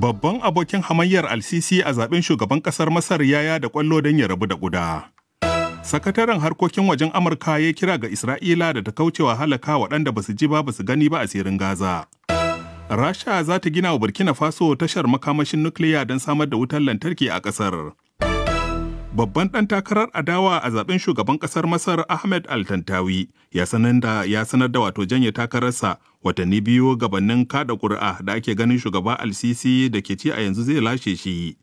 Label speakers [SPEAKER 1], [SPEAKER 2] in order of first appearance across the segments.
[SPEAKER 1] babban abokin hamayyar al a zaben shugaban kasar masar yaya da kwallo don ya rabu da guda sakataren harkokin wajen amurka ya kira ga isra'ila da ta kaucewa halaka waɗanda ba su ji ba ba su gani ba a sirin gaza rasha za ta gina wa burkina faso tashar makamashin nukiliya don samar da wutar lantarki a ƙasar Babban ɗan takarar adawa a zaben shugaban ƙasar Masar Ahmed sanar da ya sanar da wato janye takararsa watanni biyu gabanin kada ƙuri'a da ake ganin shugaba Al-Sisi da ke ci a yanzu zai lashe shi.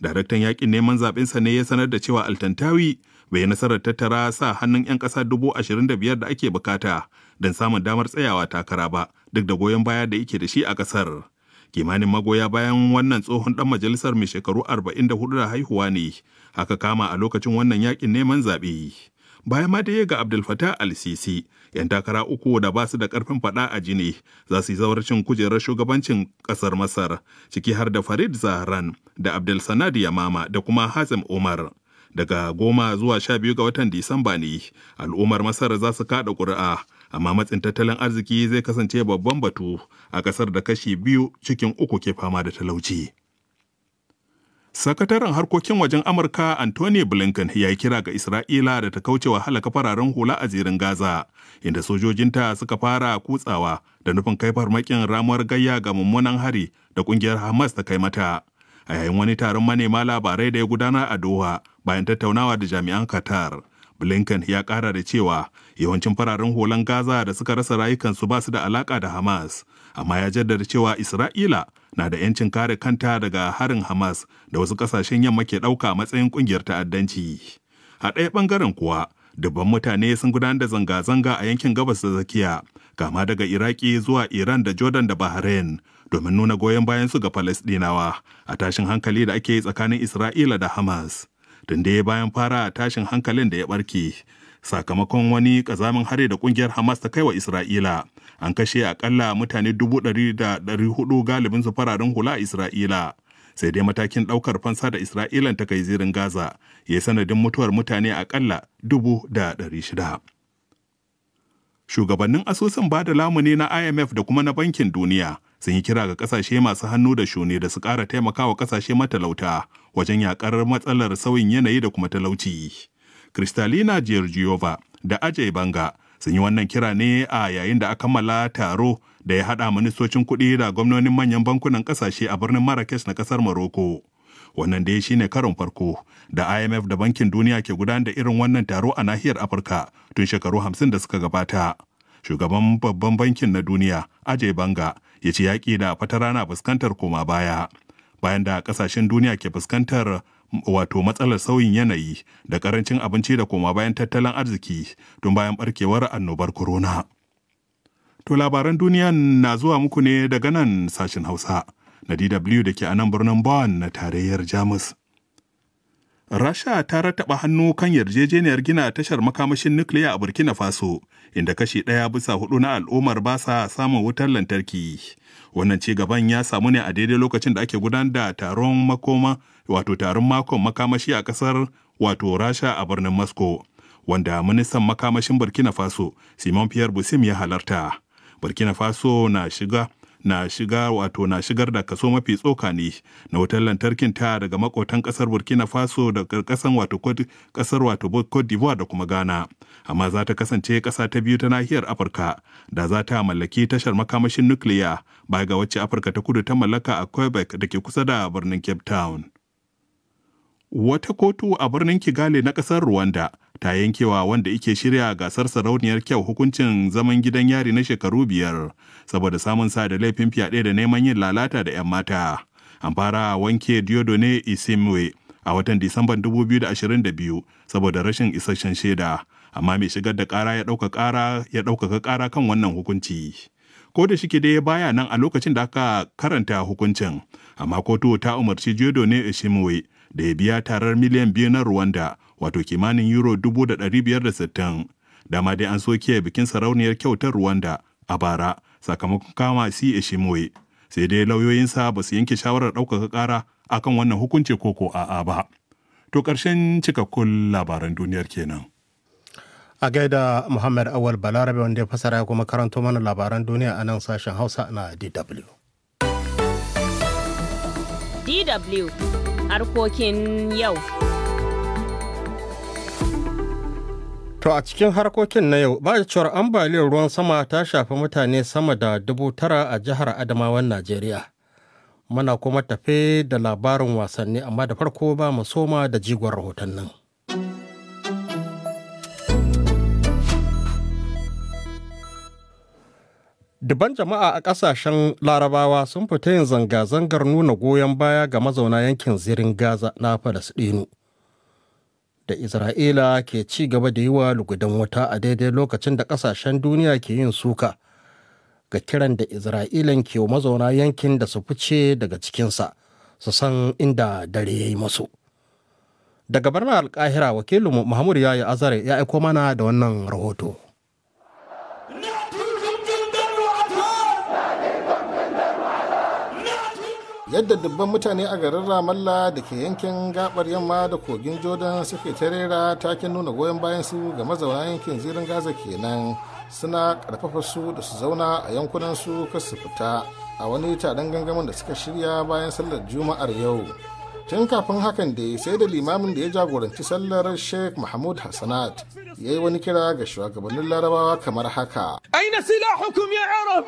[SPEAKER 1] Daraktan yaƙin neman zaɓensa ne ya sanar da cewa Altantawi bai bai nasarar tattara sa hannun 'yan ƙasa dubu ashirin da biyar da ake bukata don samun damar tsayawa takara ba duk da goyon baya da yake da shi a ƙasar. kimanin magoya bayan wannan tsohon dan majalisar mai shekaru 44 da haihuwa ne aka kama a lokacin wannan yakin neman zaɓe bayan ma da ga Abdul Fattah al-Sisi yan takara uku da ba su da karfin fada a jini za su yi zawarcin kujerar shugabancin kasar Masar ciki har da Farid Zahran da Abdul Sanad Yamama da kuma Hazim Umar daga goma zuwa sha biyu ga watan Disamba ne al'ummar Masar za su kada ƙuri'a amma matsin tattalin arziki zai kasance babban batu a ƙasar da kashi biyu cikin uku ke fama da talauci. Sakataren harkokin wajen Amurka Anthony Blinken ya yi kira ga Isra'ila da ta kauce wa halaka fararen hula a zirin Gaza, inda sojojinta suka fara kutsawa da nufin kai farmakin ramuwar gayya ga mummunan hari da ƙungiyar Hamas ta kai mata. A yayin wani taron manema labarai da ya gudana a Doha bayan tattaunawa da jami'an Qatar, Blinken ya ƙara da cewa yawancin fararen holan gaza da suka rasa rayukansu ba su da alaka da hamas amma ya jaddada cewa isra'ila na da 'yancin kare kanta daga harin hamas da wasu kasashen yamma ke ɗauka matsayin ƙungiyar ta'addanci a ɗaya ɓangaren kuwa dubban mutane sun gudanar da zanga-zanga a yankin gabas da tsakiya kama daga iraki zuwa iran da jordan da bahrain domin nuna goyon bayan su ga Falasɗinawa a tashin hankali da ake yi tsakanin Isra'ila da Hamas. Tun ya bayan fara a tashin hankalin da ya barke, sakamakon wani kazamin hare da kungiyar Hamas ta kai wa Isra'ila. An kashe akalla mutane dubu ɗari da ɗari hudu galibin su fararen hula a Isra'ila. Sai dai matakin ɗaukar fansa da Isra'ila ta kai zirin Gaza ya sanadin mutuwar mutane akalla dubu da ɗari shida. Shugabannin asusun bada lamuni na IMF da kuma na Bankin Duniya sun yi kira ga kasashe masu hannu da shuni da su ƙara taimakawa kasashe matalauta wajen yakar matsalar sauyin yanayi da kuma talauci. kristalina Georgiova da ajay banga sun yi wannan kira ne a yayin da aka kammala taro da ya haɗa ministocin kuɗi da gwamnonin manyan bankunan ƙasashe a birnin marrakesh na ƙasar morocco wannan dai shine karon farko da imf da bankin duniya ke gudanar da irin wannan taro a nahiyar afirka tun shekaru hamsin da suka gabata shugaban babban bankin na duniya ajay banga ya ci yaƙi da fata rana fuskantar koma baya bayan da ƙasashen duniya ke fuskantar wato matsalar sauyin yanayi da karancin abinci da koma bayan tattalin arziki tun bayan barkewar annobar corona. To labaran duniya na zuwa muku ne daga nan sashen Hausa na DW da ke anan nan birnin Bonn na tarayyar Jamus. Rasha ta rattaba hannu kan yarjejeniyar gina tashar makamashin nukiliya a Burkina Faso, inda kashi ɗaya bisa hudu na al'ummar ba sa samun wutar lantarki. Wannan ci gaban ya samu ne a daidai lokacin da ake gudanar da taron makoma wato taron makon makamashi a ƙasar wato Rasha a birnin Moscow, wanda ministan makamashin Burkina Faso Simon Pierre Busim ya halarta. Burkina Faso na shiga na shiga wato na shigar da kaso mafi tsoka ne na wutar lantarkin ta daga makotan kasar burkina faso da karkasan wato kasar wato cote d'ivoire da kuma ghana amma za ta kasance kasa ta biyu ta nahiyar afirka da za ta mallaki tashar makamashin nukiliya baya ga wacce afirka ta kudu ta mallaka a quebec da ke kusa da birnin cape town Wata kotu a birnin Kigali na ƙasar Rwanda ta yankewa wanda ike shirya gasar sarauniyar kyau hukuncin zaman gidan yari na shekaru biyar saboda samun sa da laifin fyaɗe da neman yin lalata da 'yan mata. An fara wanke Diodone Isimwe a watan Disamban 2022 saboda rashin isasshen shaida, amma mai shigar da ƙara ya ɗaukaka ƙara kan wannan hukunci. ko da shike dai baya nan a lokacin da aka karanta hukuncin amma kotu ta umarci jodo ne da ya biya tarar miliyan biyu na Rwanda wato kimanin euro 560 dama dai an soke bikin sarauniyar kyautar Rwanda a bara sakamakon kama si Eshimwe sai dai lauyoyinsa ba su yanke shawarar ɗaukaka ƙara akan wannan hukunci koko a'a ba. To ƙarshen cikakkun labaran duniyar kenan.
[SPEAKER 2] a gaida Muhammad Awal Balarabe wanda ya fasara ya kuma karanto mana labaran duniya a nan sashen Hausa na DW.
[SPEAKER 3] DW harkokin yau.
[SPEAKER 2] To a cikin harkokin na yau ba cewar ambaliyar ruwan sama ta shafi mutane sama da dubu tara a jihar Adamawan Najeriya. Muna kuma tafe da labarin wasanni amma da farko ba mu soma da jigon rahoton nan. Dubban jama'a a ƙasashen larabawa sun fita yin zanga-zangar nuna goyon baya ga mazauna yankin zirin Gaza na Falasɗinu. Da Isra'ila ke ci gaba da yi wa lugudan wuta a daidai lokacin da ƙasashen duniya ke yin suka ga kiran da Isra'ilan ke wa mazauna yankin da su fice daga cikinsa su san inda dare ya yi masu. Daga birnin Alƙahira wakilinmu Muhammadu Yaya Azare ya aiko mana da wannan rahoto.
[SPEAKER 4] yadda dubban mutane a garin ramallah da ke yankin gabar yamma da kogin jordan suke ta rera takin nuna goyon bayan su ga mazauna yankin zirin gaza kenan suna karfafa su da su zauna a yankunan su su fita a wani taron gangamin da suka shirya bayan sallar juma'ar yau tun kafin hakan da sai da limamin da ya jagoranci sallar sheikh mahmud hassanat ya yi wani kira ga shugabannin larabawa kamar haka
[SPEAKER 5] aina silahukum ya arab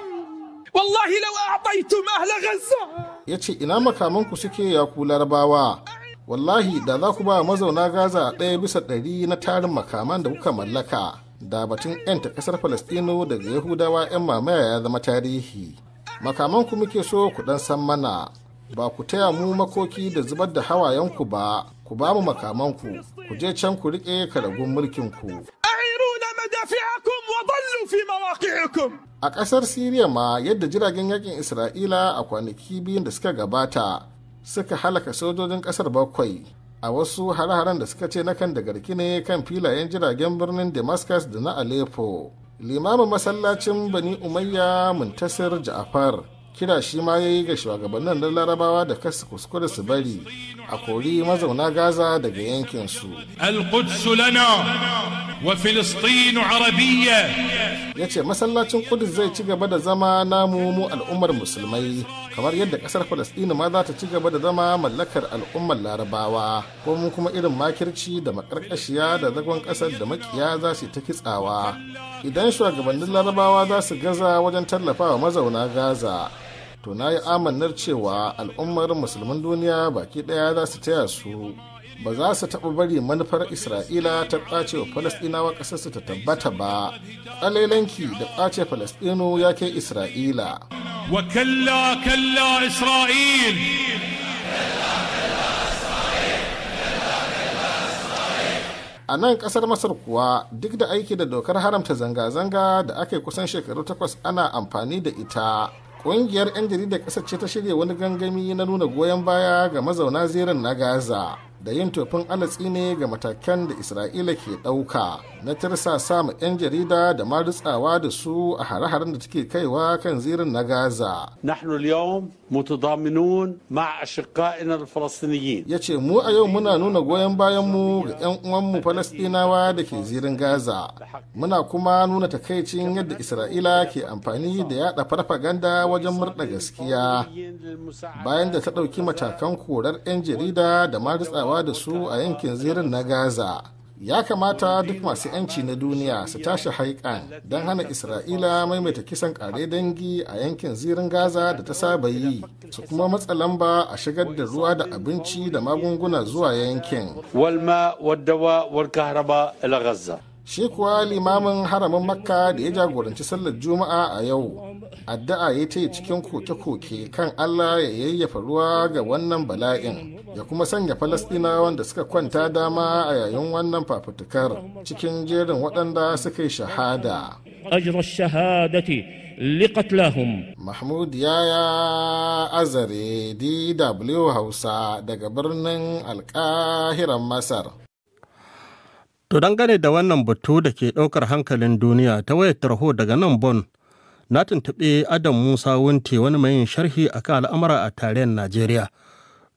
[SPEAKER 5] wallahi law a'taytum ahla gaza
[SPEAKER 4] yace ina makamanku suke ya ku larabawa wallahi da za ku ba mazauna gaza ɗaya bisa ɗari na tarin makaman da kuka mallaka da batun yan ta ƙasar falastino daga yahudawa 'yan mamaya ya zama tarihi Makamanku muke so ku dan san mana ba ku taya mu makoki da zubar da hawayenku ba ku ba mu makamanku ku je can ku riƙe karagun mulkinku. ku na madafi'akum wa dallu fi mawaƙi'ikum. a ƙasar siriya ma yadda jiragen yakin isra'ila a kwanaki biyun da suka gabata suka halaka sojojin ƙasar bakwai a wasu har haren da suka ce na kan da ne kan filayen jiragen birnin damascus da na aleppo limamin masallacin bani umayya muntasir ja'afar kira shi ma ya yi ga shugabannin na larabawa da kasu kuskure su bari a kori mazauna gaza daga yankinsu ya ce masallacin kudus zai ci gaba da zama namu mu al'ummar musulmai kamar yadda kasar falasɗinu ma za ta ci gaba da zama mallakar al'ummar larabawa ko mu kuma irin makirci da makarkashiya da zagon kasar da makiya za su ta kitsawa idan shugabannin larabawa za su gaza wajen tallafawa mazauna gaza to na yi amannar cewa al'ummar musulman duniya baki ɗaya za su taya su ba za su taɓa bari manufar isra'ila ta ɓacewa wa falasɗinawa ƙasarsu ta tabbata ba alailanki da ƙwace falasɗinu ya kai isra'ila kalla a nan kasar masar kuwa duk da aiki da dokar haramta zanga-zanga da aka kusan shekaru takwas ana amfani da ita ƙungiyar 'yan jaridar ƙasar ce ta shirya wani gangami na nuna goyon baya ga mazauna zeren na gaza da yin tofin alatsi ne ga matakan da isra'ila ke ɗauka na tirsa samu 'yan jarida da ma da su a hare-haren da take kaiwa kan zirin na gaza ya ce mu a yau muna nuna goyon bayan mu ga 'yan uwanmu falasɗinawa da ke zirin gaza muna kuma nuna takaicin yadda isra'ila ke amfani da yada farfaganda wajen murɗa gaskiya bayan da ta ɗauki matakan korar 'yan jarida da ma kulawa da su a yankin zirin na gaza ya kamata duk masu 'yanci na duniya su tashi haikan don hana isra'ila maimaita kisan kare dangi a yankin zirin gaza da ta saba yi su kuma matsa lamba a shigar da ruwa da abinci da magunguna zuwa yankin walma waddawa warka shi kuwa limamin haramin makka da ya jagoranci sallar juma'a a yau addu'a ya ta cikin koke-koke kan allah ya yayyafa ruwa ga wannan bala'in ya kuma sanya falasɗinawan da suka kwanta dama a yayin wannan fafutukar cikin jerin waɗanda suka yi shahada liqatlahum mahmud yaya azare dw hausa daga birnin alkahiran masar
[SPEAKER 2] To dangane da wannan batu da ke ɗaukar hankalin duniya ta wayar tarho daga nan Bon, na tuntuɓe Adam Musa Wunti wani mai yin sharhi akan al'amura a tarayyar Najeriya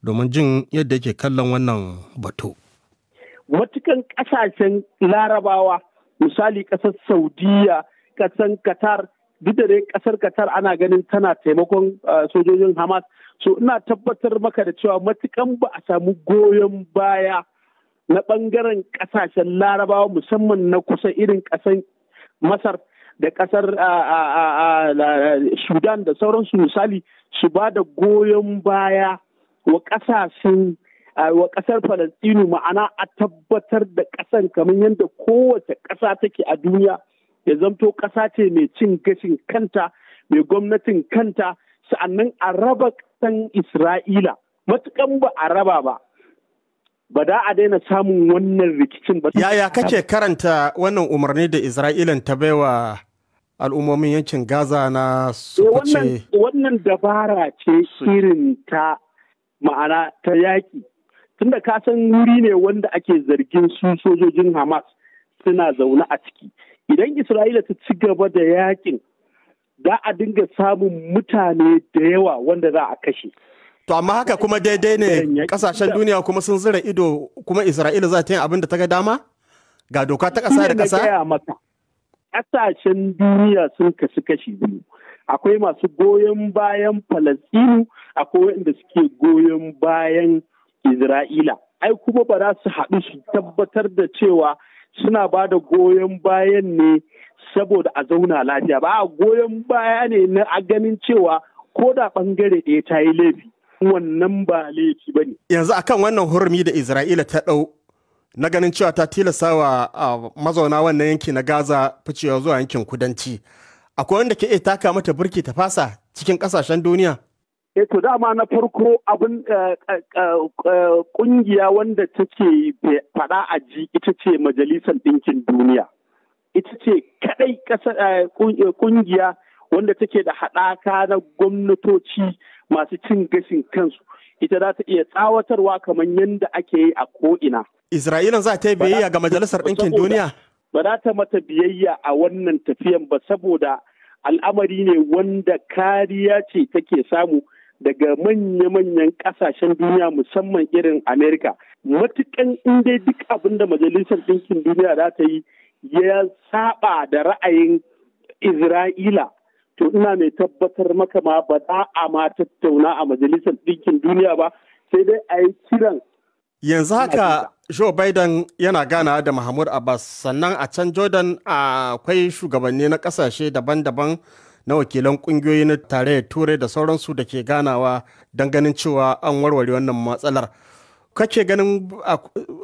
[SPEAKER 2] domin jin yadda yake kallon wannan batu.
[SPEAKER 5] Matukan ƙasashen larabawa misali ƙasar Saudiya, ƙasar Qatar, duk da ƙasar Qatar ana ganin tana taimakon sojojin Hamas. So ina tabbatar maka da cewa matukan ba a samu goyon baya. na ɓangaren ƙasashen larabawa musamman na kusa irin ƙasar masar da ƙasar sudan da sauransu misali su ba da goyon baya wa ƙasashen wa ƙasar falastinu ma'ana a tabbatar da ƙasan kamar yadda kowace ƙasa take a duniya ya zamto ƙasa ce mai cin gashin kanta mai gwamnatin kanta sa'annan a raba ƙasan isra'ila matukan ba a raba ba ba da a daina samun wannan rikicin ba. Yaya
[SPEAKER 2] kake karanta wannan umarni da Isra'ila ta baiwa al'ummomin yankin Gaza na su eh,
[SPEAKER 5] Wannan dabara ce irin ta ma'ana ta yaƙi. Tunda ka san wuri ne wanda ake zargin su sojojin Hamas suna zaune a ciki. Idan Isra'ila ta ci gaba da yaƙin,
[SPEAKER 2] za a dinga samun mutane da yawa wanda za a kashe. To amma haka kuma daidai ne kasashen duniya kuma sun zira ido kuma Isra'ila za ta yi abin da ta ga dama? Ga doka ta ƙasa da ƙasa? Kasashen duniya sun kasu kashi
[SPEAKER 5] biyu. Akwai masu goyon bayan Falastinu, akwai waɗanda suke goyon bayan Isra'ila. Ai kuma ba za su haɗu su tabbatar da cewa suna ba da goyon bayan ne saboda a zauna lafiya ba a goyon
[SPEAKER 2] baya ne na a ganin cewa ko da ɓangare ɗaya ta yi laifi wannan ba laifi ba ne. Yanzu a kan wannan hurumi da Isra'ila ta ɗau na ganin cewa ta tilasta wa mazauna wannan yanki na Gaza ficewa zuwa yankin kudanci. Akwai wanda ke iya taka mata burki ta fasa cikin ƙasashen duniya?
[SPEAKER 5] E to dama na farko abin kungiya eh, eh, wanda take faɗa a ji ita ce Majalisar Ɗinkin Duniya. Ita ce kaɗai ƙungiya wanda take da haɗaka na gwamnatoci masu cin gashin kansu ita za ta iya tsawatarwa kamar yadda ake yi a ko'ina.
[SPEAKER 2] Isra'ila za ta yi biyayya ga Majalisar
[SPEAKER 5] Ɗinkin Duniya? Ba za ta mata biyayya a wannan tafiyan ba saboda al'amari ne wanda kariya ce take samu daga manya-manyan ƙasashen duniya musamman irin Amerika. Matuƙan dai duk abin da Majalisar Ɗinkin Duniya za ta yi ya saba da ra'ayin Isra'ila. to ina mai tabbatar maka ma ba za a ma tattauna a majalisar ɗinkin duniya ba sai dai a yi kiran
[SPEAKER 2] yanzu haka Joe Biden yana gana da Mahmud Abbas sannan a can Jordan akwai shugabanni na kasashe daban-daban na wakilan kungiyoyi na tarayyar turai da sauransu da ke ganawa don ganin cewa an warware wannan matsalar. Kake ganin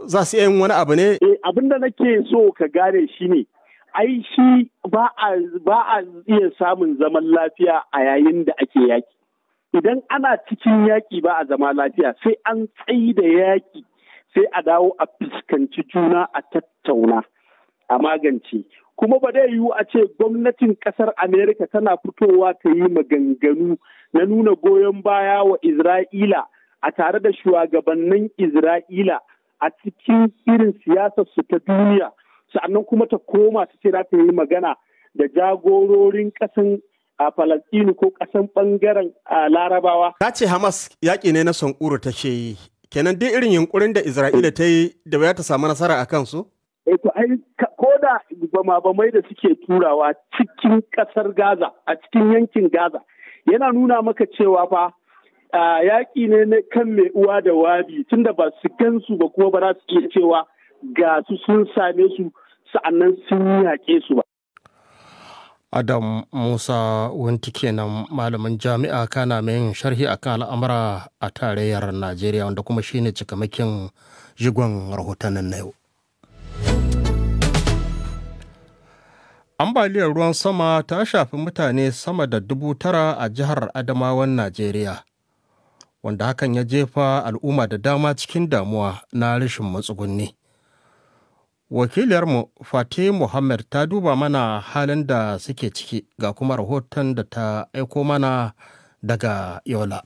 [SPEAKER 2] za su yin wani abu ne? Eh, abin da nake so ka gane shi ne ai shi ba a iya samun
[SPEAKER 5] zaman lafiya a yayin da ake yaki idan ana cikin yaki ba a zama lafiya sai an tsayi da yaki sai a dawo a fuskanci juna a tattauna a magance kuma ba dai yiwu a ce gwamnatin kasar amerika tana fitowa ta yi maganganu na nuna goyon baya wa isra'ila a tare da shugabannin isra'ila a cikin irin siyasarsu ta duniya sa'annan kuma ta koma ta ce za ta yi magana da jagororin ƙasan
[SPEAKER 2] a Falasɗinu ko ƙasan ɓangaren a Larabawa. Ta ce Hamas yaƙi ne na sankuru ce yi. Kenan dai irin yunkurin da Isra'ila ta yi da ta samu nasara a kansu? eto eh, ai ko da bama-bamai da suke turawa cikin ƙasar Gaza a
[SPEAKER 5] cikin yankin Gaza yana nuna maka cewa fa yaƙi ne na kan mai uwa da wabi tunda ba su gansu ba kuma ba za su iya cewa ga su sun same su sa'annan sun yaƙe su ba.
[SPEAKER 2] Adam Musa Wanti kenan malamin jami'a kana mai sharhi akan al'amura a tarayyar Najeriya wanda kuma shine cikamakin jigon rahotannin na yau. Ambaliyar ruwan sama ta shafi mutane sama da dubu tara a jihar Adamawan Najeriya, wanda hakan ya jefa al'umma da dama cikin damuwa na rashin matsugunni. wakiliyarmu Fati Muhammad ta duba mana halin da suke ciki ga kuma rahoton da ta aiko mana daga Yola.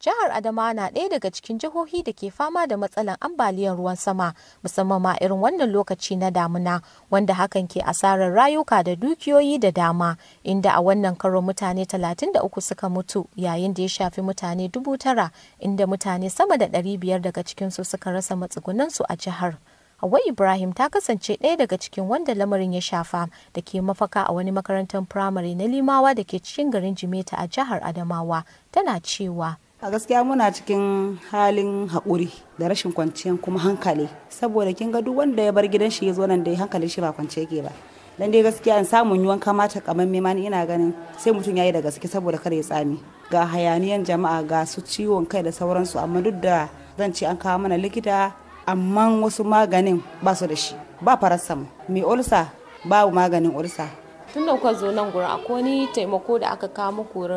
[SPEAKER 6] Jihar Adama na ɗaya daga cikin jihohi da ke fama da matsalan ambaliyar ruwan sama musamman ma irin wannan lokaci na damuna wanda hakan ke asarar rayuka da dukiyoyi da dama inda a wannan karo mutane 33 suka mutu yayin da ya shafi mutane 9,000 inda mutane sama da 500 daga cikinsu suka rasa matsugunansu a jihar. Hauwa Ibrahim ta kasance ɗaya daga cikin wanda lamarin ya shafa da ke mafaka a wani makarantar firamare na Limawa da ke cikin garin Jimeta a jihar Adamawa tana cewa. a gaskiya muna cikin halin haƙuri da rashin kwanciyar kuma hankali saboda kin ga wanda ya bar gidan shi ya zo nan da hankalin shi ba kwance yake ba dan dai gaskiya in samun yuwan kamata kamar ma ina ganin sai mutum yayi da gaske saboda kada ya tsami ga hayaniyan jama'a ga su ciwon kai da sauransu amma duk da zan ce an kawo mana likita amma wasu maganin ba su da shi ba farasam mai ulsa babu maganin ulsa tun da kuka zo nan gurin akwai ni taimako da aka kawo muku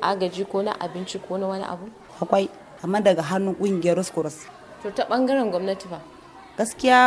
[SPEAKER 6] agaji ko na abinci ko na wani abu akwai amma daga hannun kungiyar ruskurus to ta bangaren gwamnati ba gaskiya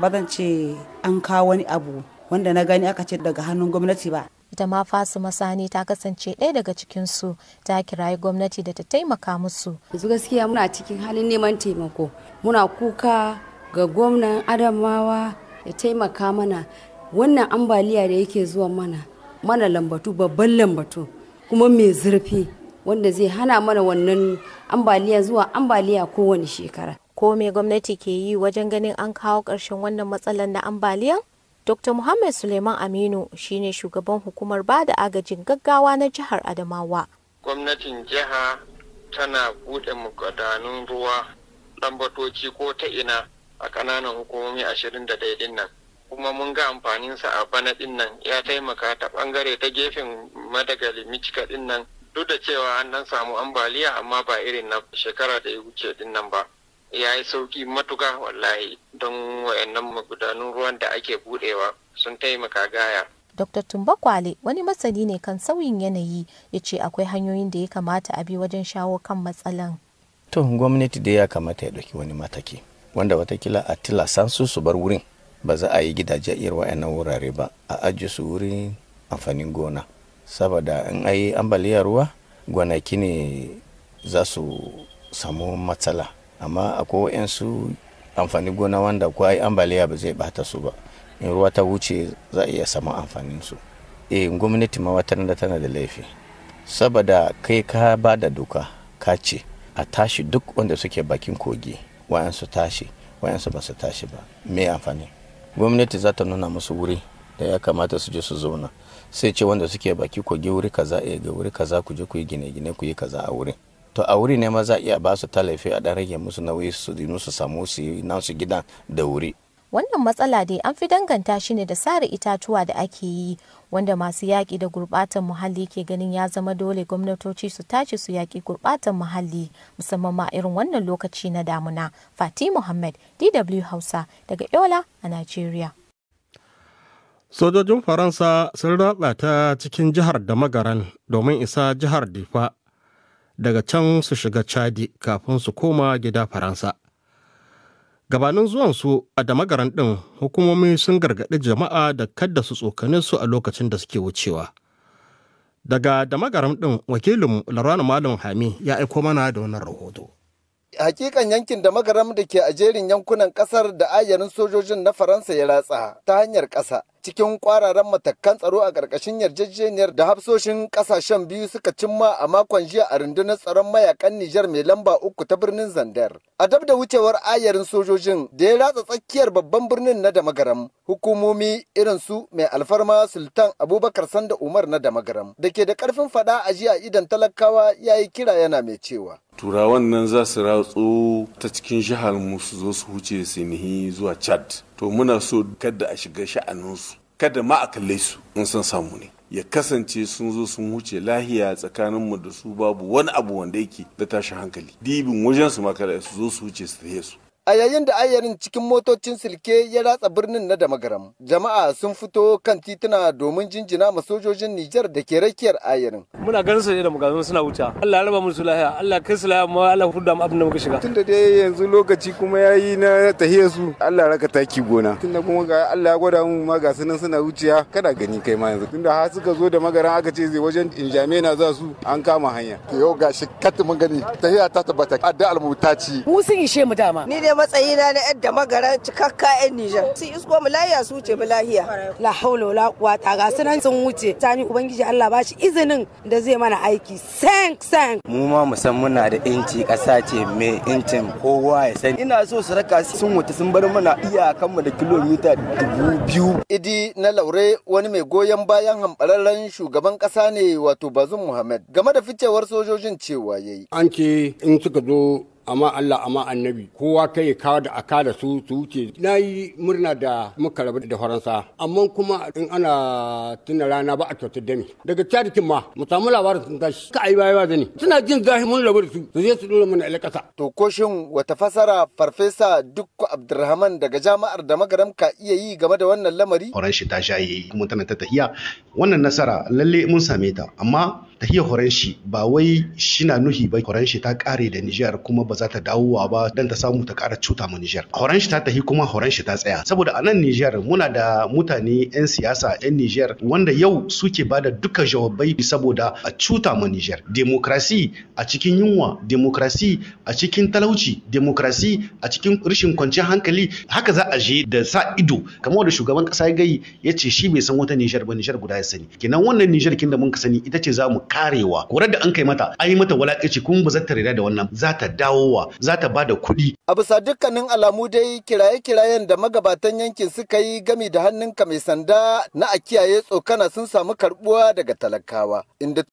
[SPEAKER 6] ba zan ce an kawo wani abu wanda na gani aka ce daga hannun gwamnati ba ita ma fasu masani ta kasance ɗaya daga cikin su ta kirayi gwamnati da ta taimaka musu yanzu gaskiya muna cikin halin neman taimako muna kuka ga gwamnan adamawa ya taimaka mana wannan ambaliya da yake zuwa mana mana lambatu babban lambatu kuma mai zurfi wanda zai hana mana wannan ambaliya zuwa ambaliya kowane shekara ko me gwamnati ke yi wajen ganin an kawo ƙarshen wannan matsalar na ambaliyan Dr. Muhammad Suleiman Aminu shine shugaban hukumar bada agajin gaggawa na jihar Adamawa.
[SPEAKER 2] Gwamnatin jiha tana bude magudanun ruwa lambatoci ko ta ina a kananan hukumomi ashirin da ɗaya dinnan nan. Kuma mun ga amfanin sa a bana din nan ya taimaka ta bangare ta gefen madagali micika din nan duk da cewa an dan samu ambaliya amma ba irin na shekara da ya wuce din nan ba. Ya yi sauki matuka wallahi. don wayannan magudanun ruwan da ake budewa sun taimaka gaya.
[SPEAKER 6] Dr. Tumba Kwale wani masani ne kan sauyin yanayi ya ce akwai hanyoyin da ya kamata a bi wajen shawo kan matsalan.
[SPEAKER 3] To gwamnati da ya kamata ya ɗauki wani mataki wanda watakila a tilasan su su bar wurin ba za a yi gidaje irin wayannan wurare ba a ajiye su wurin amfanin gona saboda in a yi ambaliyar ruwa gwanaki ne za su samu matsala amma akwai wayansu amfanin gona wanda ko ai ambaliya ba zai bata su ba in ruwa ta wuce za a iya samun amfanin su eh gwamnati ma wata da tana da laifi saboda kai ka ba da doka ka ce a tashi duk wanda suke bakin kogi su tashi su ba su tashi ba me amfani gwamnati za ta nuna musu wuri da ya kamata su je su zauna sai ce wanda suke baki kogi wuri kaza eh, ga wuri kaza ku je ku yi gine-gine ku yi kaza a wuri. to a wuri ne ma za a iya ba su talafi a dan rage musu nauyi su dinu su samu su yi nasu gidan da wuri
[SPEAKER 6] wannan matsala dai an fi danganta shi ne da sare itatuwa da ake yi wanda masu yaƙi da gurɓatan muhalli ke ganin ya zama dole gwamnatoci su tashi su yaƙi gurɓatan muhalli musamman ma irin wannan lokaci na damuna fati muhammad dw hausa daga yola a nigeria
[SPEAKER 2] sojojin faransa sun raba ta cikin jihar da magaran domin isa jihar difa daga can su shiga chadi kafin su koma gida faransa gabanin zuwansu a damagaran ɗin hukumomi sun gargaɗi jama'a da kadda su tsokane su a lokacin da suke wucewa daga damagaran ɗin wakilin larwana malam hami ya aiko mana da wannan rahoto
[SPEAKER 7] hakikan yankin da magaram da ke a jerin yankunan ƙasar da ayarin sojojin na faransa ya ratsa ta hanyar ƙasa cikin kwararan matakan tsaro a ƙarƙashin yarjejeniyar da hafsoshin ƙasashen biyu suka cimma a makon jiya a rundunar tsaron mayakan Nijar mai lamba uku ta birnin Zandar. A dab da wucewar ayarin sojojin da ya ratsa tsakiyar babban birnin na Damagaram, hukumomi irin su mai alfarma Sultan Abubakar Sanda Umar na Damagaram da ke da ƙarfin faɗa a jiya idan talakawa ya yi kira yana mai cewa.
[SPEAKER 4] Turawan nan za su
[SPEAKER 5] ratso ta cikin jihar mu su zo su huce Sinihi zuwa Chad. to muna so kada a shiga sha'aninsu kada ma a kalle su in san samu ne ya kasance sun zo sun
[SPEAKER 1] wuce lahiya tsakaninmu da su babu wani abu wanda yake da tashin hankali dibin wajensu ma
[SPEAKER 3] kada su zo su wuce su su
[SPEAKER 7] A yayin da ayyarin cikin motocin silke ya ratsa birnin na Damagaram, jama'a sun fito kan tituna domin jinjina ma sojojin Nijar da ke rakiyar ayyarin. Muna ganin su da magazin suna wuta. Allah ya raba musu lahiya, Allah kai su lahiya ma Allah hudu mu abin da muka shiga. da dai yanzu lokaci kuma yayi na tahiyar su, Allah raka taki gona. da kuma ga
[SPEAKER 5] Allah ya gwada mu ma ga sunan suna wuciya kada gani kai ma yanzu. da har suka zo da magaran aka ce zai wajen injame na za su an kama hanya. Yau gashi kat mun gani tahiya ta tabbata adda almuta
[SPEAKER 6] Mu sun ishe mu dama. Ni dai matsayina na yadda magaran cikakka 'yan Nijar. Su isko mu lahiya su wuce mu lahiya. La haula wala quwata ga sunan sun wuce. Tani ubangiji Allah ba shi izinin da zai mana aiki. Sank sank.
[SPEAKER 2] Mu ma mu san da inci kasa ce mai incin
[SPEAKER 7] kowa ya sani. Ina so su raka sun wuce sun bar mana iyakan mu da kilomita dubu biyu. Idi na laure wani mai goyon bayan hambararren shugaban kasa ne wato Bazum Muhammad game da ficewar sojojin cewa yayi.
[SPEAKER 2] An in suka zo amma Allah amma annabi kowa kai ya kawo da aka da su su wuce na yi murna da muka rabu da faransa amma kuma in ana tuna rana ba a kyautar dami daga carikin ma mu samu labarin sun tashi ka ai baya da ni suna jin zahi mun rabu da su
[SPEAKER 7] su je su dora mana alƙasa. to ko shin wata fasara farfesa dukku abdurrahman daga jami'ar da magaram ka iya yi game da wannan lamari. Horon shi ta sha mun tana ta
[SPEAKER 5] tahiya wannan nasara lalle mun same ta amma tahiyar Horenshi ba wai shi na nuhi ba Horenshi ta kare da Nijar kuma ba za ta dawowa ba dan ta samu ta kara cuta ma Nijar Horenshi ta tahi kuma Horenshi ta tsaya saboda a nan Nijar muna da mutane yan siyasa yan Nijar wanda yau suke bada duka jawabai saboda a cuta ma Nijar demokrasi a cikin yunwa demokrasi a cikin talauci demokrasi a cikin rashin kwanciyar hankali haka za a je da sa ido kamar da shugaban kasa ya gai ya ce shi bai san wata Nijar ba Nijar guda ya sani kenan wannan Nijar kin da mun ka sani ita ce za mu karewa korar da an kai mata an yi mata wala'ici kun ba za ta rida da wannan za ta dawowa za ta ba da kuɗi.
[SPEAKER 7] a bisa dukkanin alamu dai kiraye-kirayen da magabatan yankin suka yi gami da hannunka mai sanda na a kiyaye tsokana sun samu karbuwa daga talakawa inda